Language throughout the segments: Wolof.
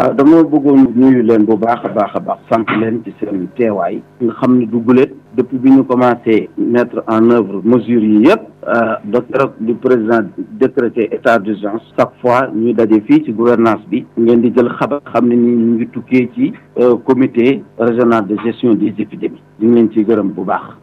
waaw dama bëggoon nuyu leen bu baax a baax a baax sant leen ci seen teewaay nga xam ne duguleet depuis bi ñu commencé mettre en œuvre mesures yi yëpp docteur du président decrété état d'urgence chaque fois ñuy daje fii ci gouvernance bi ngeen di jël xabar xam ne ni ñu ngi tukkee ci euh, comité régional de gestion des épidémies ñu ngi leen ciy gërëm bu baax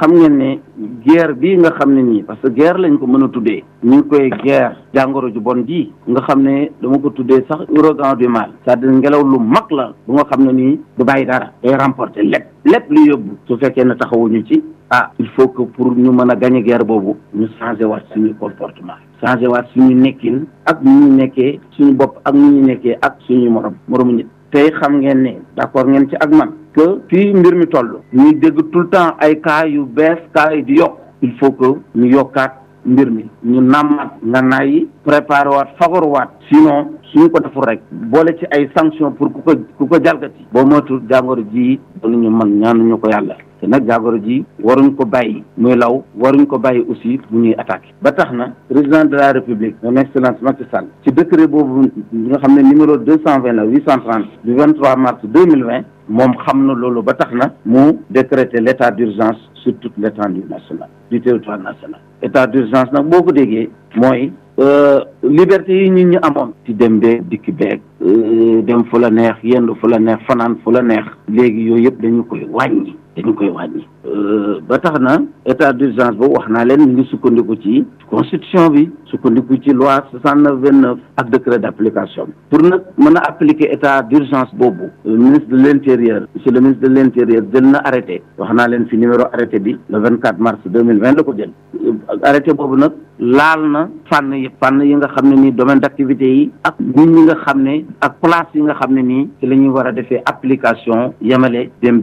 xam ngeen ne guerre bii nga xam ne nii parce que guerre lañu ko mën a tuddee ñu ngi koy guerre jàngoro ju bon ji nga xam ne dama ko tuddee sax ouragan du mal cest à ngelaw lu mag la bu nga xam ne nii du bàyyi dara day remporter lépp lépp lu yóbbu su fekkee ne taxawuñu ci ah il faut que pour ñu mën a gagner guerre boobu ñu changé waat suñu comportement changé waat suñu nekkin ak ñu ñu nekkee suñu bopp ak ñu ñu nekkee ak suñu moroom moromu nit tey ci ak man que fii mbir mi toll ñuy dégg tout le temps ay cas yu bees cas yi di yokk il faut que ñu yokkaat mbir mi ñu nàmmaat nga naa yi préparé waat fagaruwaat sinon suñu ko deful rek boole ci ay sanction pour ku ko ku ko jalgati boo moytul jàngoro ji danañu man ñaanuñu ko yàlla te nag jàngoro ji waruñ ko bàyyi muy law waruñ ko bàyyi aussi mu ñuy attaqué ba tax na président de la république son excellence Macky ci décret boobu nga xam ne numéro deux cent vingt la huit cent trente du vingt trois mars deux mille vingt moom xam na loolu ba tax na mu décréter l' état d' urgence sur toute l' étendue nationale du territoire national état d' urgence nag boo ko déggee mooy euh, liberté yi nit ñi amoon ci dem beeg dikk beeg euh, dem fu neex yendu fu la neex fanaan fu la neex léegi yooyu yëpp dañu koy wàññi dañu koy wàññi. Euh, ba tax na état d'urgence boobu wax naa leen ñu ngi sukkandiku ci constitution bi sukkandiku ci loi soixante neuf vingt neuf ak décret d'application pour nag mën a appliquer état d'urgence boobu ministre de l'intérieur monsieur le ministre de l'intérieur jël na arrêté wax naa leen fi numéro arrêté bi le vingt quatre mars deux mille vingt la ko jël euh, arrêté boobu nag laal na fànn yi fànn yi nga xam ne nii domaine d'activité yi ak nit ñi nga xam ne ak place yi nga xam ne nii la ñuy war a defee application yemale dem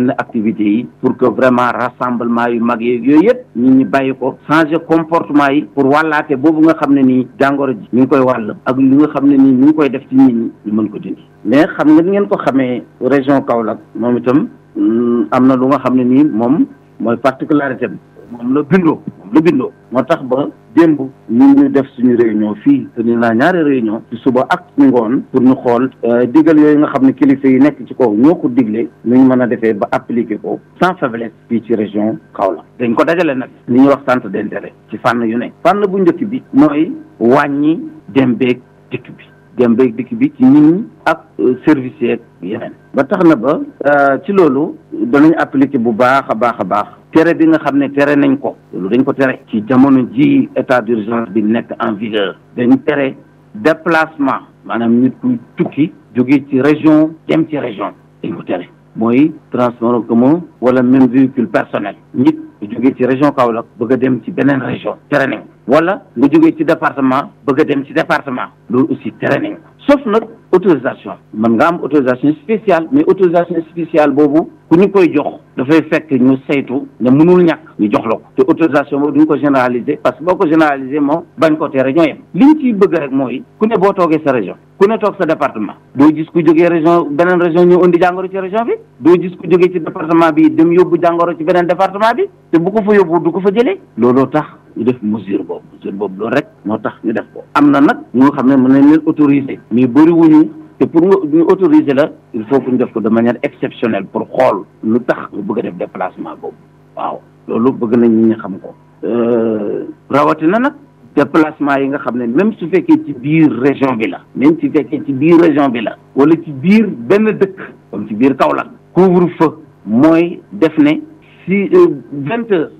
yenn activités yi pour que vraiment rassemblement yu mag yeeg yooyu yëpp nit ñi bàyyi ko changer comportement yi pour wàllaate boobu nga xam ne ni jàngoro ji ñu ngi koy wàll ak li nga xam ne nii ñu ngi koy def ci nit ñi ñu mën ko dindi mais xam nga ngeen ko xamee région Kaolack moom itam mm, am na lu nga xam ne nii moom mooy particularité moom la bindoo moom la bindoo moo tax ba démb ñu ngi def suñu réunion fii teni naa ñaari réunion ci suba ak ci ngoon pour ñu xool euh, digal yooyu nga xam ne kilifa yi nekk ci kaw ñoo ko digle nu ñu mën a defee ba appliquer ko sans faiblesse fii ci région xaw Kaolack dañ ko dajale nag li ñuy wax centre d'intérêt ci fànn yu ne fànn bu njëkk bi mooy wàññi dem beeg dikk bi dem beeg dikk bi ci nit ak euh, service yeeg yeneen ba tax na ba euh, ci loolu danañ appliqué bu baax a baax a baax tere bi nga xam ne tere nañ ko loolu dañ ko tere ci jamono ji état d'urgence bi nekk en vigueur dañ tere déplacement maanaam nit ku tukki jóge ci région dem ci région dañ ko tere mooy transport en wala même véhicule personnel nit ku jóge ci région Kaolack bëgg dem ci beneen région tere wala nga jóge ci département bëgg a dem ci département loolu aussi tere sauf nag autorisation man nga am autorisation spéciale mais autorisation spéciale boobu ku ñu koy jox dafay fekk ñu saytu ne mënul ñàkk ñu jox la ko te autorisation boobu duñ ko généraliser parce que boo ko généraliser moom bañ ko tere ñoo yem liñ ciy bëgg rek mooy ku ne boo toogee sa région ku ne toog sa département doo gis ku jógee région beneen région ñu indi jàngoro ci région bi doo gis ku jógee ci département bi dem yóbbu jàngoro ci beneen département bi te bu ko fa yóbbu du ko fa jëlee looloo tax ñu def mesure boobu mesure boobu loolu rek moo tax ñu def ko am na nag ñoo xam ne mën nañ leen autoriser mais bëri wuñu te pour nga ñu autoriser la il faut ku ñu def ko de manière exceptionnelle pour xool lu tax nga bëgg a def déplacement boobu waaw loolu bëgg nañ ñi xam ko euh, rawatina nag déplacement yi nga xam ne même su fekkee ci biir région bi la même su fekkee ci biir région bi la wala ci biir benn dëkk comme ci biir la couvre-feu mooy def ne si euh, vingt heures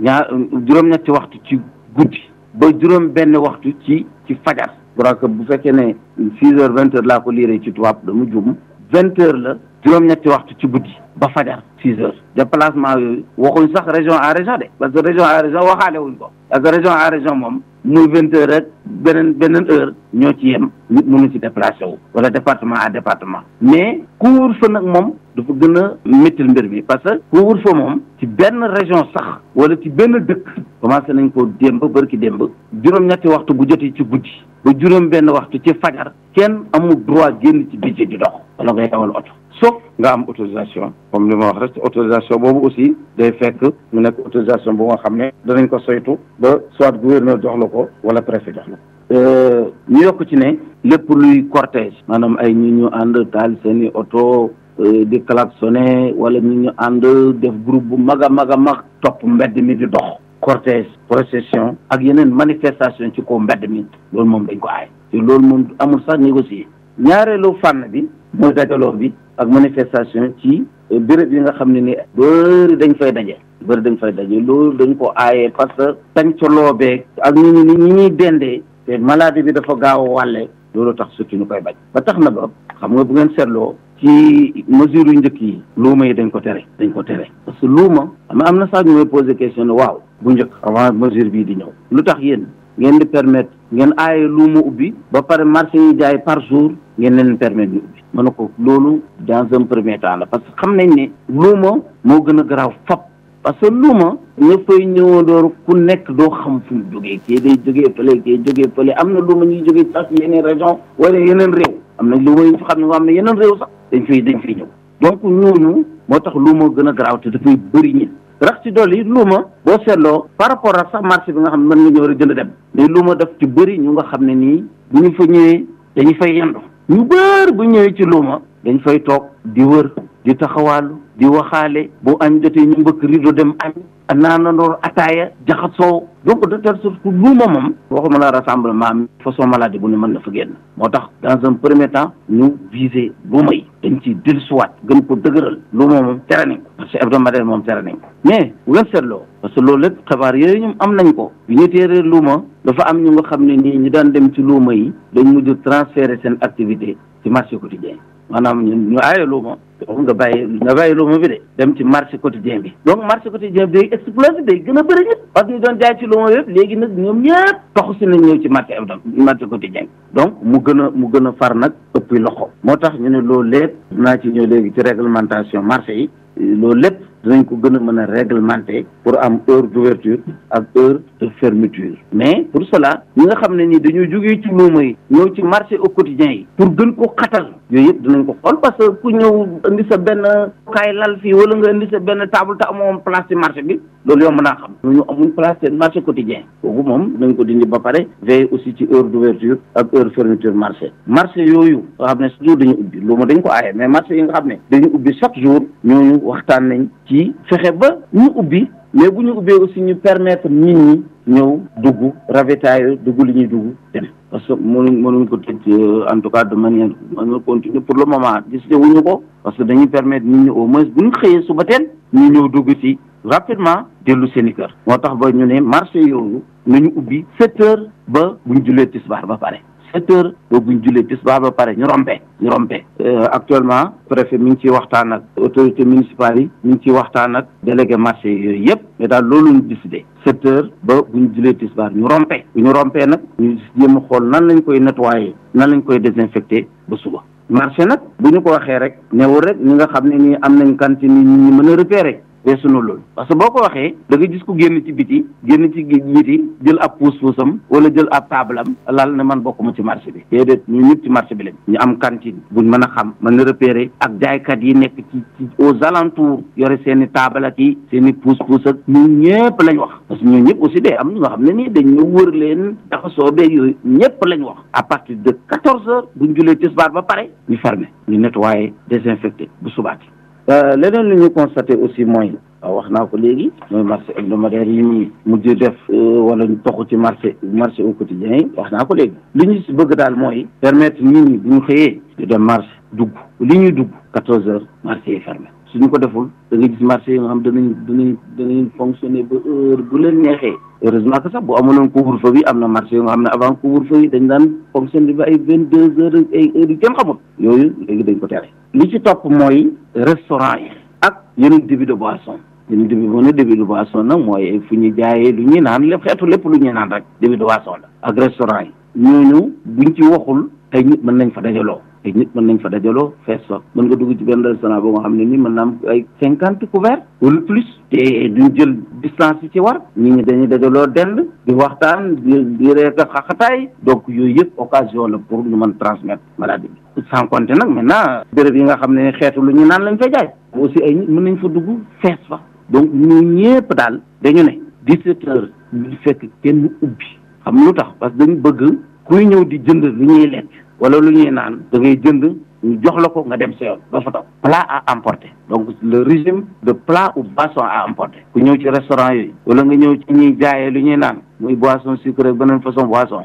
ñaar juróom-ñetti waxtu ci guddi ba juróom benn waxtu ci ci fajar parce bu fekkee ne six heures vingt heures laa ko liiree ci tubaab dama jum vingt heures la juróom-ñetti waxtu ci guddi ba fajar six heures déplacement yooyu waxuñ sax région à région de parce que région à région ko parce région moom muy vingt heures rek beneen beneen heure ñoo ci yem nit mënu ci déplacé wu wala département à département mais couvre-feu nag moom dafa gën a méttil mbir bi parce que couvre-feu moom ci benn région sax wala ci benn dëkk commencé nañ ko démb bërki démb juróom-ñetti waxtu bu jotee ci guddi ba juróom benn waxtu ci fajar kenn amul droit génn ci biti di dox wala ngay dawal oto sauf nga am autorisation comme li ma wax rek autorisation boobu aussi day fekk mu nekk autorisation bu nga xam ne danañ ko soytu ba soit gouverneur jox la ko wala préfet jox la ko euh, ñu yokk ci ne lépp luy cortège maanaam ay ñu ñu ànd taal seeni oto euh, di klaxonné wala ñu ñu ànd def groupe bu mag a mag a mag topp mbedd mi di dox cortège procession ak yeneen manifestation ci kaw mbedd mi loolu moom dañ ko aay te loolu moom amul sax négocier ñaareelu fànn bi mooy dajaloo bi ak manifestation ci euh, bërëb yi nga xam ne ni bëri dañ fay daje bëri dañ fay daje loolu dañ ko aaye parce que tàncaloo beeg ak ñi ñu ñi ñuy dendee te maladie bi dafa gaaw a wàlle loolu tax surtout ñu koy bañ ba tax na ba xam nga bu ngeen seetloo ci mesure yu njëkk yi luuma yi dañ ko tere dañ ko tere parce que luuma ama am na sax ñu may posé question ne waaw bu njëkk avant mesure bii di ñëw lu tax yéen ngeen di permettre ngeen aaye luuma ubbi ba pare marché yi jaay par jour ngeen permettre ñu ma ne ko loolu dans un premier temps la parce que xam nañ ne luuma moo gën a garaaw fab parce que luuma ña fay ñëwandoor ku nekk doo xam fu mu jógee kii day jógee fële kii jógee fële am na luuma ñuy jógee sax yeneen région wala yeneen réew am nañ luuma yi xam ne moo am ne yeneen réew sax dañ fay dañ fay ñëw donc ñooñu moo tax luuma gën a garaaw te dafay bëri ñit rax ci dool yi luuma boo seetloo par rapport ak sax marché bi nga xam ne mën nga ñëw rek jënd dem mais luuma daf ci bëri ñu nga xam ne nii bu ñu fa ñëwee dañu fay yendu ñu bëri bu ñëwee ci luuma dañ fay toog di wër di taxawaalu di waxaale boo añ jotee ñu mbëkk rido dem añ naanandoor ataaya jaxasoo donc de telle sorte que luuma moom waxuma la rassemblement mi façon maladie bu ne mën na fa génn moo tax dans un premier temps ñu viser luuma yi dañ ci dellusiwaat gën ko dëgëral luuma moom tere nañ parce que hebdomadaire moom tere nañ mais bu ngeen seetloo parce que loolu lépp xabaar yooyu ñoom am nañ ko bi ñu teeree luuma dafa am ñu nga xam ne nii ñu daan dem ci luuma yi dañ mujj seen activité ci marché quotidien maanaam ñu aaye luuma nga bàyyi nga bàyyi luuma bi de dem ci côté quotidien bi donc marché quotidien bi day explosé day gën a bëri nit parce que ñu doon jaay ci luuma yëpp léegi nag ñoom ñëpp taxu si nañ ñëw ci marché hebdo marché quotidien bi donc mu gën a mu gën a far nag ëppi loxo moo tax ñu ne loolu lépp naa ci ñëw léegi ci réglementation marché yi loolu lépp dinañ ko gën a mën a réglementé pour am heure d'ouverture ak heure fermeture mais pour cela ñi nga xam ne nii dañoo jógee ci mooma yi ñëw ci marché au quotidien yi pour gën ko xatal yooyu yëpp dinañ ko xool parce que ku ñëw indi sa benn kaay lal fii wala nga indi sa benn table te amoon place ci marché bi loolu yoo yomb a xam ñooñu amuñ place seen marché quotidien kooku moom dañ ko dindi ba pare veille aussi ci heure d'ouverture ak heure fermeture marché marché yooyu nga xam ne si jour dañu ubbi loolu ma dañ ko aaye mais marché yi nga xam ne dañu ubbi chaque jour ñooñu waxtaan nañ ci fexe ba ñu ubbi mais bu ñu ubbee aussi ñu permettre nit ñi ñëw dugg ravitailler dugg li ñuy dugg dem parce que mënuñ mënuñ ko tëj euh, en tout cas de manière mën continuer pour le moment décidé wuñu ko parce que dañuy permettre nit ñi au moins bu ñu xëyee suba teel ñu ñëw dugg ci rapidement dellu seen i kër moo tax ba ñu ne marché yooyu ñu ubbi sept ba bu ñu jullee tisbaar ba pare sept heures ba bu ñu julee tisbaar ba pare ñu rombe ñu rombe euh, actuellement préfet mi ngi ciy waxtaan ak autorité municipale yi mi ngi ciy waxtaan ak délégué marché yooyu yëpp mais daal loolu ñu décidé sept heures ba bu ñu julee tisbaar ñu rompe bu ñu rompee nag ñu jéem xool nan lañ koy nettoyer nan lañ koy désinfecté ba suba marché nag bu ñu ko waxee rek newul rek ñi nga xam ne nii am nañ cantine yi ñu mën a repérer weesu na loolu parce que boo ko waxee da nga gis ko génn ci biti génn ci biti jël ab puus-puusam wala jël ab taabalam lal ne man bokkuma ci marché bi déedéet ñu ñëpp ci bi lañ ñu am cantine buñ mën a xam mën a repérer ak jaaykat yi nekk ci ci aux yore seen i yi seen i puus-puus ak ñun ñëpp lañ wax parce que ñun ñëpp aussi day am ñu xam ne nii dañ ñu wër leen daxasoo beeg yooyu ñëpp lañ wax à partir de quatorze heures buñ julee tisbaar ba pare ñu fermé ñu nettoyé désinfecté bu subaati Euh, leneen li ñu constaté aussi mooy wax naa ko léegi mooy marché hebdomadaire yi ñuy mujj def euh, wala ñu toxu ci marché marché au quotidien yi wax naa ko léegi li ñu si bëgg daal mooy permettre nit ñi bu xëyee di dem marché dugg li ñuy dugg quatorze heures marché yi fermé ñu ko deful da nga gis marché yi nga xam danañ danañ danañ fonctionner ba heure bu leen neexee heureusement que sax bu amuloon couvre-feu bi am na marché yi nga xam ne avant couvre-feu yi dañ daan fonctionner ba ay vingt deux heures ay heures yu kenn xamul yooyu léegi dañ ko tere li ci topp mooy restaurant yi ak yeneen débit de boisson yeneen débit boo ne débit de boisson nag mooy fu ñu jaayee lu ñuy naan lépp xeetu lépp lu ñuy naan rek débit de boisson la ak restaurant yi ñooñu buñ ci waxul ay nit mën nañ fa dajaloo ay nit mën nañ fa dajaloo fees fa mën nga dugg ci benn restaurant boo nga xam ne nii mën na am ay cinquante couverts wala plus te duñ jël distance yi ci war nit ñi dañuy dajaloo dell di waxtaan di di reeka xaxataay donc yooyu yëpp occasion la pour ñu mën transmettre maladie bi sans compter nag maintenant nga xam ne xeetu lu ñuy naan lañ fay jaay aussi ay nit mën nañ fa dugg fees fa donc ñu ñëpp daal dañu ne dix-sept heures ñu fekk kenn ubbi xam lu tax parce que dañu bëgg kuy ñëw di jënd lu ñuy lekk wala lu ñuy naan da ngay jënd ñu jox la ko nga dem sa yoon doo fa plat à emporter donc le régime de plat ou boisson à emporter ku ñëw ci restaurant yooyu wala nga ñëw ci ñuy jaayee lu ñuy naan muy boisson sucrée beneen façon boisson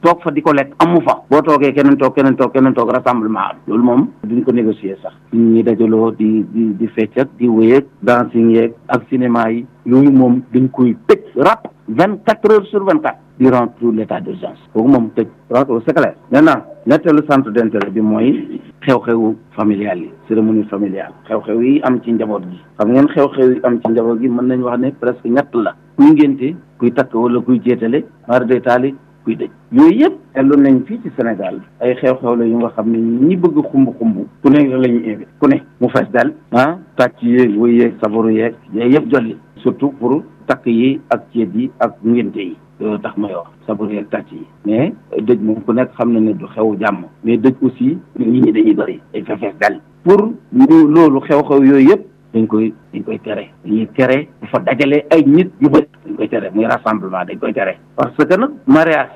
toog fa di ko lekk amu fa boo toogee keneen toog keneen toog keneen toog rassemblement am loolu moom duñ ko négocier sax ñi dajaloo di di di fecc ak di wéy ak dancing yeeg ak cinéma yi yooyu moom dañ koy tëj rap vingt quatre heures sur vingt quatre durant tout l' état d' urgence kooku moom tëj rentre c'est clair maintenant ñetteelu centre d' intérêt bi mooy xew xew familial yi cérémonie familiale xew-xew yi am ci njaboot gi xam ngeen xew-xew yi am ci njaboot gi mën nañ wax ne presque ñett la kuy ngénte kuy takk wala kuy jéetale mar day kuy dëj yooyu yëpp dellu nañ fii ci Sénégal ay xew-xew la yu nga xam ne ñi bëgg xumb-xumb ku ne la ñu invité ku ne mu fees dal ah tàcc yeeg wuy yeeg sabaru yeeg yooyu yëpp jolli surtout pour takk yi ak ceet yi ak ngénte yi loolu tax may wax sabaru yeeg tàcc yi mais dëj moom ku nekk xam na ne du xew jàmm mais dëj aussi nit ñi dañuy bëri dañ fa fees dal pour loolu xew-xew yooyu yëpp dañ koy dañ koy tere dañuy tere bu fa dajalee ay nit yu bëri dañ koy tere muy rassemblement dañ koy tere parce que nag mariage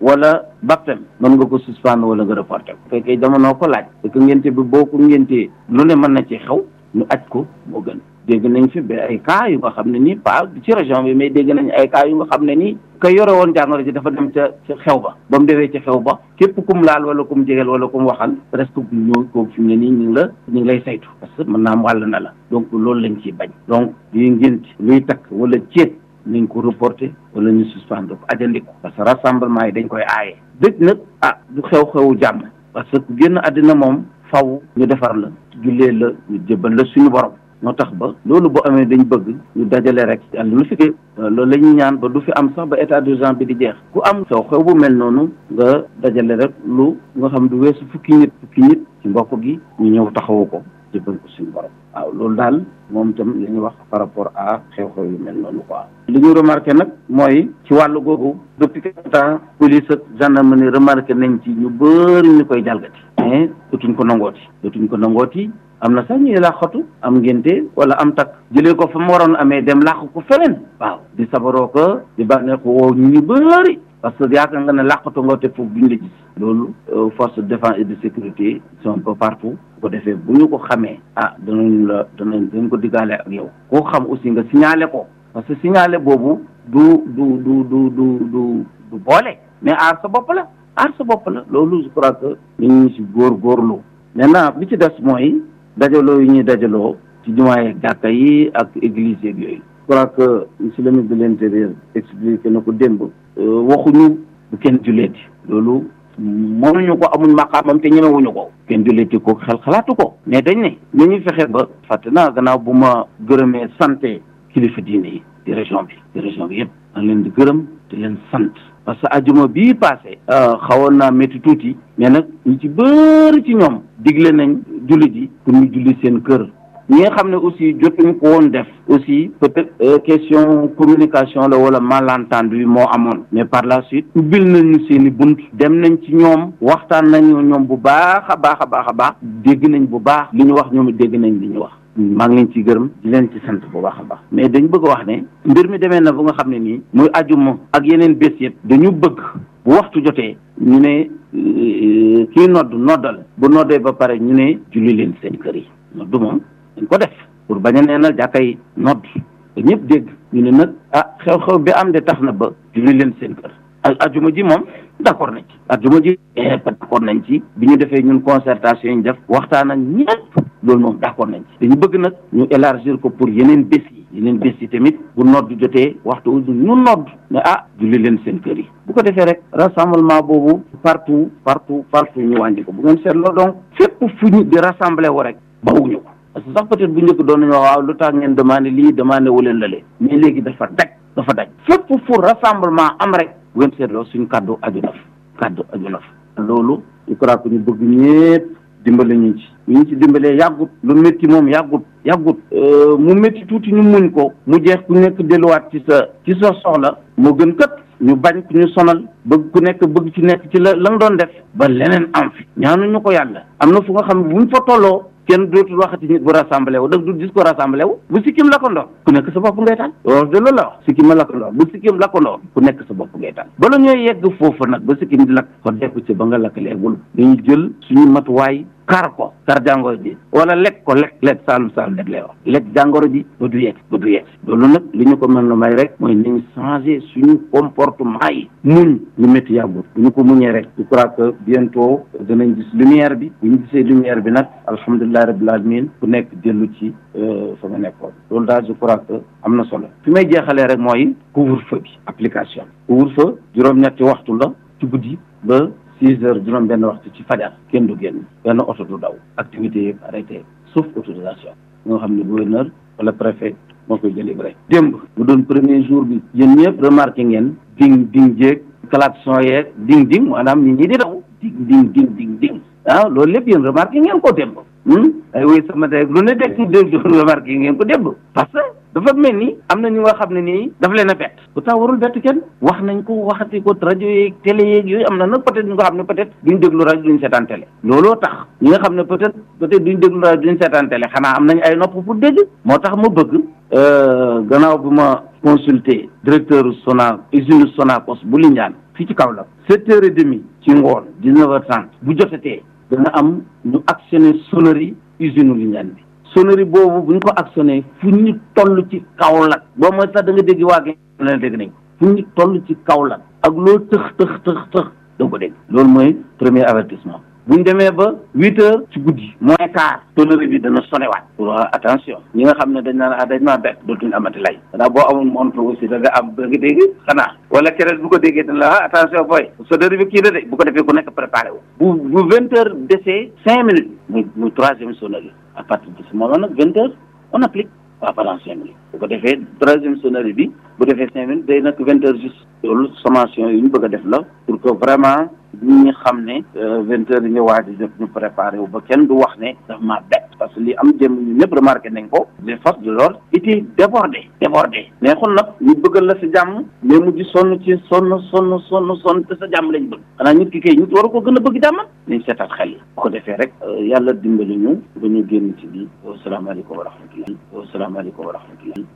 wala baptême mën nga ko suspendre wala nga reporté ko fekkee jamono ko laaj fekk ngénte bi boo ko ngéntee lu ne mën na ci xew ñu aj ko moo gën dégg nañ fi ay cas yu nga xam ne nii pas ci région bi mais dégg nañ ay cas yu nga xam ne nii ka yore woon jàngoro ji dafa dem ca ca xew ba ba mu demee ca xew ba képp kum laal wala kum jegeel wala kum waxal presque bu ñëw kooku fi mu ne nii ñu ngi ñu ngi lay saytu parce que mën naa am na la donc loolu lañ ciy bañ donc luy ngént luy takk wala céet nañ ko reporté wala ñu suspendre ko ajandiku parce que rassemblement yi dañ koy aaye dëj nag ah du xew-xewu jàmm parce que génn àddina moom faw ñu defar la jullee la ñu la suñu borom moo tax ba loolu bu amee dañ bëgg ñu dajale rek lu fi euh, loolu la ñuy ñaan ba du fi am sax ba état d'urgence di jeex ku am soo xew bu mel noonu nga dajale rek lu nga xam du weesu fukki nit fukki nit ci mbokk gi ñu ñëw taxawu ko jëbal ko suñu borom waaw loolu daal moom itam li ñuy wax par rapport a xew-xew yu mel noonu quoi li ñu remarqué nag mooy ci wàllu googu depuis quelque temps police ak gendarmerie remarqué nañ ci ñu bëri ñu koy jalgati mais dootuñ ko nangooti dootuñ ko nangooti am na sax ñuy làqatu am ngénte wala am takk jëlee ko fa mu waroon amee dem làq ko feneen waaw di sabaroo ko di bànneex woo ñu ñu bëri parce que yaakaar nga ne làqatu nga te foofu duñ la gis loolu euh, force de défense et de sécurité sont peu partout ko defee bu ñu ko xamee ah danañ la danañ dañ ko diggaale ak yow koo xam aussi nga signalé ko parce que signalé boobu du du du du du du du boole mais aar sa bopp la aar sa bopp la loolu je crois que dañuy si góor góorlu maintenant bi ci des mooy dajaloo yi ñuy dajaloo ci jumaay jàkka yi ak église yeeg yooyu. je crois que monsieur le ministre de l'intérieur expliqué na ko démb. Euh, waxuñu bu kenn julleeti loolu mënuñu ko amuñ maqaamam te ñemewuñu ko. kenn du julleeti ko xel xalaatu ko. mais dañ ne ni ñu fexe ba. fàtte naa gannaaw bu ma gërëmee sante kilifa diine yi. di région bi di région bi yëpp. da leen di gërëm di leen sant. parce que ajuma bii passé euh, xawoon naa métti tuuti mais nag ñu ci bëri ci ñoom digle nañ jullit yi pour ñu julli seen kër ñi xam ne aussi jotuñ ko woon def aussi peut-être euh, question communication la wala malentendu moo amoon mais par la suite ubbil nañu seen i bunt dem nañ ci ñoom waxtaan nañu ñoom bu baax a baax a baax a baax dégg nañ bu baax li ñu wax ñoom dégg nañ li ñu wax maa ngi leen ci gërëm di leen ci sant bu baax a baax mais dañ bëgg a wax ne mbir mi demee na bu nga xam ne nii muy ajuma ak yeneen bés yëpp dañu bëgg bu waxtu jotee ñu ne euh, kii nodd noddal bu noddee ba pare ñu ne julli leen seen kër yi nodd moom dañ ko def pour bañ a neenal jàkka yi nodd ñëpp dégg ñu ne nag ah xew-xew bi am de tax na ba julli leen seen kër ak ajuma ji moom eh, d'accord nañ ci bi ñu defee ñun concertation yi ñu def waxtaan ak ñëpp loolu moom d'accord nañ ci dañu bëgg nag ñu élargir ko pour yeneen bés yi yeneen bés yi tamit bu nodd jotee waxtu wu ñu nodd ne ah julli leen seen kër bu ko defee rek rassemblement boobu partout partout partout ñu wàññi ko bu ngeen seetloo donc fépp fu ñu di rassembler wu rek bawuñu ko parce que sax peut-être bu doon nañu lu tax ngeen demandé lii demandé wu leen léegi dafa daj rassemblement am rek bu ngeen seetloo suñ kàddu aju na fa kàddu aju na fa loolu je crois que ñu bëgg ñëpp dimbale ñu ci ñu ci dimbalee yàggut lu métti moom yàggut yàggut euh, mu métti tuuti ñu muñ ko mu jeex ku nekk delluwaat ci sa ci sa soxla moo gën kat ñu bañ ku ñu sonal bëgg ku nekk bëgg ci nekk ci la la nga doon def ba leneen am fi ñaanuñu ko yàlla am na fu nga xam ne buñ fa tolloo kenn dootul waxati nit bu rassemblé wu dag du gis ko rassemblé wu bu sikkim lakkandoo ku nekk sa bopp ngay taal loolu de loolu la wax sikkim lakkandoo bu sikkim lakkandoo ku nekk sa bopp ngay taal bala ñooy yegg foofu nag ba sikkim di lakk ko deku ci ba nga lakkalee wul dañu jël suñu matuwaay xar ko xar jàngoro ji wala lekk ko lekk lekk saalum saalum lekk lay wax lekk jàngoro ji ba du yegg ba du yegg loolu nag li ñu ko mën lu may rek mooy nañ su suñu comportement yi muñ lu métti yàggul bu ñu ko muñee rek je crois que bientôt danañ gis lumière bi bu ñu gisee lumière bi nag alhamdulilahi rabbil alamin ku nekk dellu ci euh, fa nga nekkoon loolu daal je crois am na solo fi may jeexalee rek mooy couvre-feu bi application couvre-feu juróom-ñetti waxtu la six heures juróom benn waxtu ci fajar kenn du génn benn oto du daw activité yëpp arrêté sauf autorisation nga xam ne gouverneur wala préfet moo koy délivré démb mu doon premier jour bi yéen ñëpp remarqué ngeen ding ding jéeg klaxon yeeg ding ding naam nit ñi di daw ding ding ding ding ding ah loolu lépp yéen remarqué ngeen ko démb hmm? ay woy sama tey lu ne dekk démb remarqué ngeen ko démb parce dafa mel ni am na ñu nga xam ne nii daf leen a bett pourtant warul bett kenn wax nañ ko waxati ko rajo yeeg télé yeeg yooyu am na na peut-être ñu nga xam ne peut-être duñ déglu rajo duñ seetaan télé looloo tax ñi nga xam ne peut-être peut-être duñ déglu rajo duñ seetaan télé xanaa am nañu ay nopp pour dégg moo tax ma bëgg euh, gannaaw bi ma consulté directeur Sonac usine Sonacos bu Lindiane fii ci Kaolack sept heures et demie ci ngoon dix-neuf heures trente bu jotatee dana am ñu actionné sonnerie usine Lindiane bi sonnerie boobu bu ñu ko actionné fu ñu toll ci Kaolack boo mooy sax da nga dégg waa Guèye dégg nañ fu ñu toll ci Kaolack ak loo tëx tëx tëx tëx doo dégg loolu mooy premier avertissement bu ñu demee ba huit heures ci guddi moins quart sonnerie bi dana sonewaat pour attention ñi nga xam ne dañ naan ah dañ maa bett dootuñu amati lay xanaa boo amul montre aussi da nga am da nga dégg xanaa wala keneen bu ko déggee dañ la ah attention booy sonnerie bi kii la ku nekk préparé wu bu bu vingt heures desee cinq minutes mu mu troisième sonnerie à partir de ce moment nag vingt heures on applique pas pendant cinq minutes bu ko defee troisième sonnerie bi bu defee cinq minutes day nekk vingt heures juste loolu yi ñu bëgg a def la pour que vraiment ñi xam ne euh, vingt heures yi nga waaj a jot ñu préparé wu ba kenn du wax ne daf maa bett parce que li am jëm ñu ñëpp remarqué nañ ko les forces de l'ordre étaient débordées débordées neexul nag ñu bëgga la sa jàmm mais mujj sonn ci sonn sonn sonn sonn te sa jàmm lañ bëgg xanaa nit ki kay ñu war ko gën a bëgg jàmm nañ seetaat xel yi bu ko defee rek euh, yàlla dimbali ñu ba ñu génn ci bi wasalaamaaleykum wa rahmatullahi wasalaamaaleykum wa rahmatullahi